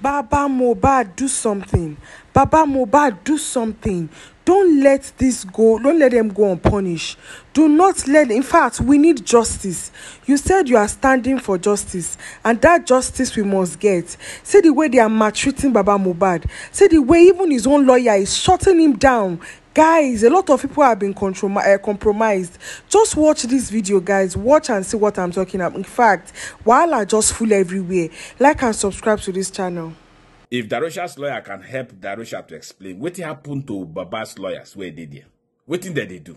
Baba Mobad, do something. Baba Mobad, do something don't let this go don't let them go unpunished do not let in fact we need justice you said you are standing for justice and that justice we must get see the way they are maltreating baba mubad see the way even his own lawyer is shutting him down guys a lot of people have been uh, compromised just watch this video guys watch and see what i'm talking about in fact while i just fool everywhere like and subscribe to this channel if Darusha's lawyer can help Darusha to explain what happened to Baba's lawyers where they what did they do?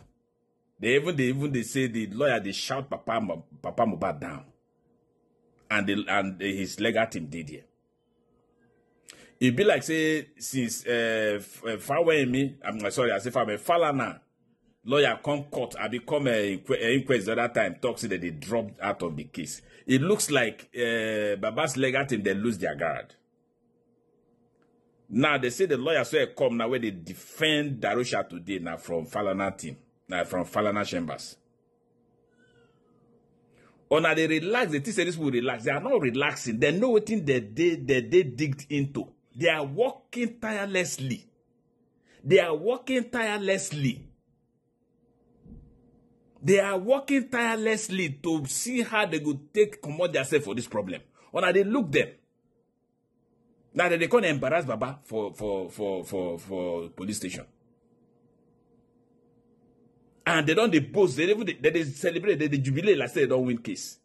They even they even they say the lawyer they shout Papa Papa Mubad down, and the, and his legal team did here. It be like say since uh, eh, eh, me I'm sorry, I say Fawemi Falana lawyer come court I become a, eh, a inquest the other time talks that they dropped out of the case. It looks like uh, Baba's legal team they lose their guard. Now they say the lawyers will come now where they defend Darusha today now from Falana team, now from Falana chambers. Or now they relax, they think this will relax. They are not relaxing. They know what they, they, they, they digged into. They are working tirelessly. They are working tirelessly. They are working tirelessly to see how they could take commode themselves for this problem. Or now they look them. Now that they can't embarrass Baba for, for, for, for, for police station. And they don't they boast, they even they, they celebrate, they, they jubilate like say they don't win case.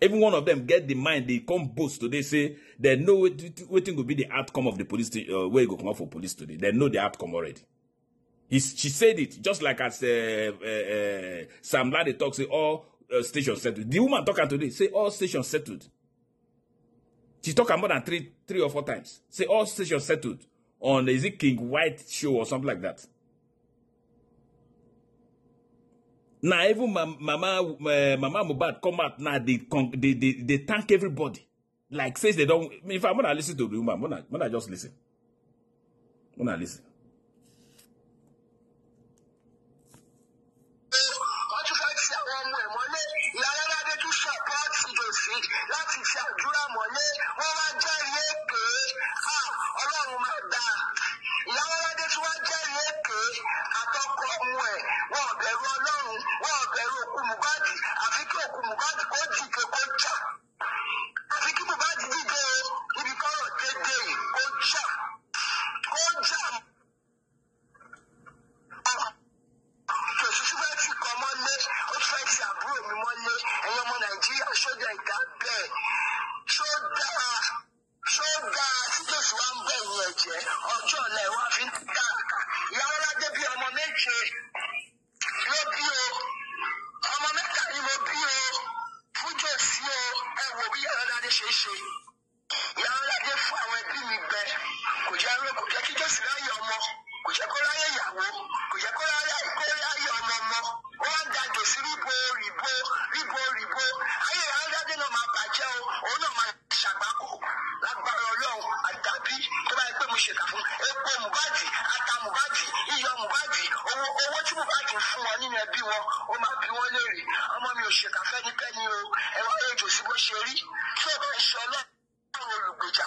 Every one of them get the mind, they come boast today, say they know what, what will be the outcome of the police, uh, where you go come out for police today. They know the outcome already. He, she said it just like as uh, uh, uh, Sam talks, say all uh, stations settled. The woman talking today, say all stations settled. She talked more than three, three or four times. Say all stations settled on is it King White show or something like that. Now even Mama eh, Mama Mubad come out now they, they they they thank everybody. Like says they don't. If I'm gonna listen to the woman, I'm gonna, I'm gonna just listen. I'm gonna listen. Taofik láti ṣe àdúrà mọ́lé wọ́n wá jẹ́rìí èké ah, ọlọ́run máa dáa ìyáwó fi ṣèkà fún epo Mohbad ata Mohbad iyọ̀ Mohbad owó owó tí Mohbad fún wọn nínú ẹbí wọn ó máa bí wọn léèrè ọmọ mi ò ṣèkà fẹ́nikẹ́ni o ẹ̀rọ ètò sí bó ṣe rí tí ó bá ń ṣe ọlọ́run olùgbèjà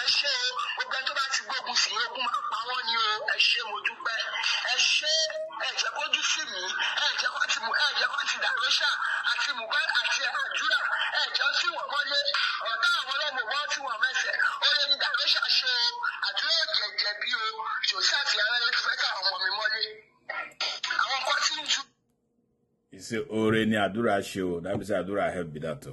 ẹ ṣé o gbogbo ẹni tó bá ti gbógun sí ogun máa pa wọ́n ni o ẹ ṣé mo dúpẹ́ ẹ ṣé ẹ jẹ́ kójú sí mi ẹ jẹ́ kó ti mú ẹ jẹ́ kó ti dàrọ́ṣà àti mùbá àti àdúrà ẹ jẹ́ sí wọ́n mọ́lé ọ̀tá àwọn ọlọ́mọ wọ́n tí wọ́n mẹ́sẹ̀ ó lè ní dàrọ́ṣà ṣe o àdúrà jẹ̀jẹ̀ bí o jòsáàtì arẹ́lẹ́ ti fẹ́ ká ọmọ mi mọ́lé àwọn kan tí ju. ìṣe oore ni àdúrà ṣe o dábìsí àdúrà help be that o.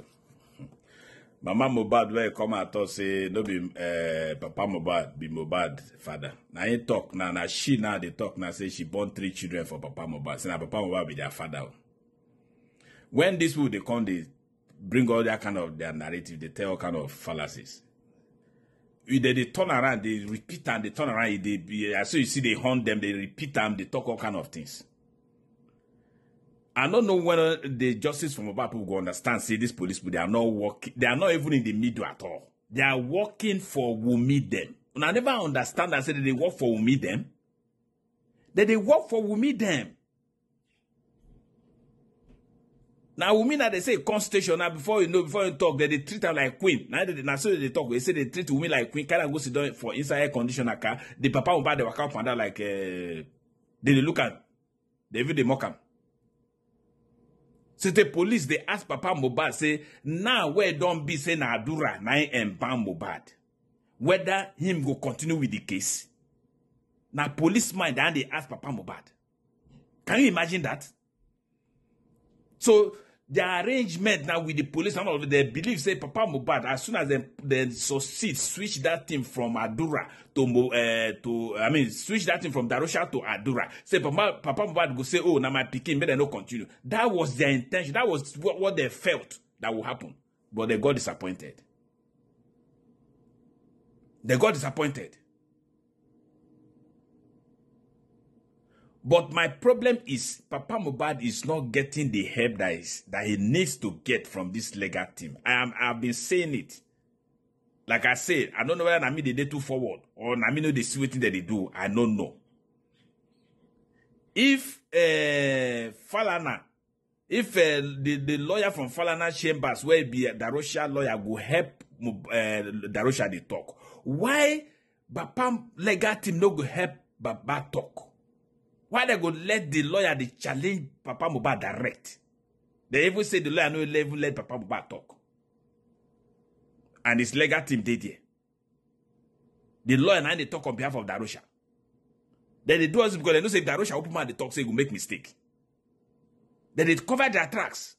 mama mohbad where come at us say no be eh, papa mohbad be mohbad father na him talk now na she now they talk now say she born three children for papa mohbad say na papa mohbad be their father when this people they come they bring all that kind of their narrative they tell all kind of fallacies they they turn around they repeat and they turn around as so you see they hunt them, they repeat them, they talk all kind of things I don't know whether the justice from people go understand. Say this police, but they are not working. They are not even in the middle at all. They are working for Wumi them. And I never understand. I said they work for Wumi them. That they work for Wumi them. Now Wumi now they say constitution. Now before you know, before you talk, that they treat her like queen. Now they now so they talk. They say they treat Wumi like queen. Can I go sit down for inside air conditioner car? The papa will buy the workout for that like uh, they look at. They even they mock so the police, they ask Papa Mobad, say, now nah, where don't be say Nadura, na and Bam Mobad. Whether him go continue with the case. Now police mind and they ask Papa Mobad. Can you imagine that? So the arrangement now with the police and all of the believe say Papa Mubad, as soon as they, they succeed, switch that thing from Adura to uh, to I mean switch that thing from Darusha to Adura. Say Papa Papa Mubad go say, oh now my picking, better no continue. That was their intention. That was what, what they felt that will happen, but they got disappointed. They got disappointed. But my problem is Papa Mobad is not getting the help that, is, that he needs to get from this legal team. I am, I've been saying it. Like I said, I don't know whether Nami they too forward or Nami know the thing that they do. I don't know. If uh, Falana, if uh, the, the lawyer from Falana Chambers, where be a Darosha lawyer, go help uh, eh, Darosha the talk. Why Papa legal team no go help Baba talk? why they go let the lawyer the challenge papa Mubad direct They even say the lawyer no even let papa Mubad talk, and his legal team did there The lawyer and im dey tok on behalf of darusha Then they do us because they know say if darusha open mouth they talk, say e go make mistake Then they cover their tracks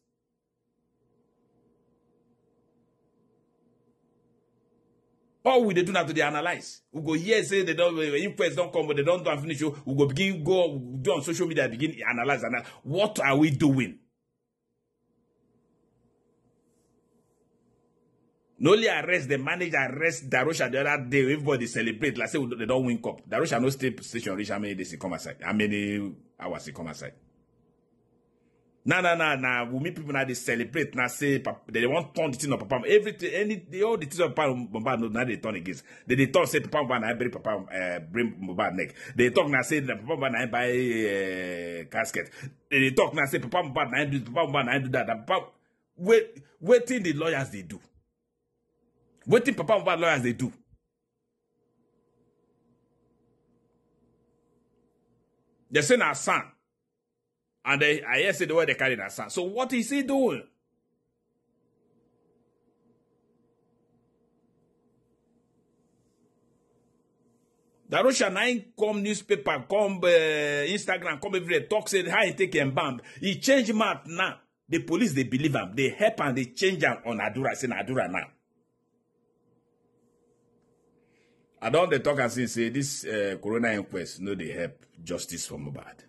All we they do now to the analyze. We go here say they don't eh, inquest don't come, but they don't do and finish. Oh. We go begin go do on social media begin analyze uh, what are we doing? Not only arrest the manager arrest Darusha the other day. Everybody celebrate like say they don't win cup. Darusha no stay station reach how many days he come aside? How many hours he come aside? Na na na na, we meet people now they celebrate. Now say they want turn the thing on Papa. Everything, any all the things on Papa Mubad now they turn against. They they talk say Papa Mubad now eh, bring Papa uh, bring Mubad neck. They talk now say Papa Mubad now buy uh, casket. They, they talk now say Papa Mubad now do Papa Mubad now do that. that Papa, wait, waiting the lawyers they do. Waiting Papa Mubad lawyers they do. They say now son. And I hear say the way they carry that sand. So what is he doing? Darusha nine come newspaper, come uh, Instagram, come everywhere, talk, say how he take him bomb. He change map now. The police, they believe him. They help and they change him on Adura, say Adura now. I don't the talk and say, say this uh, corona inquest, no, they help justice for bad.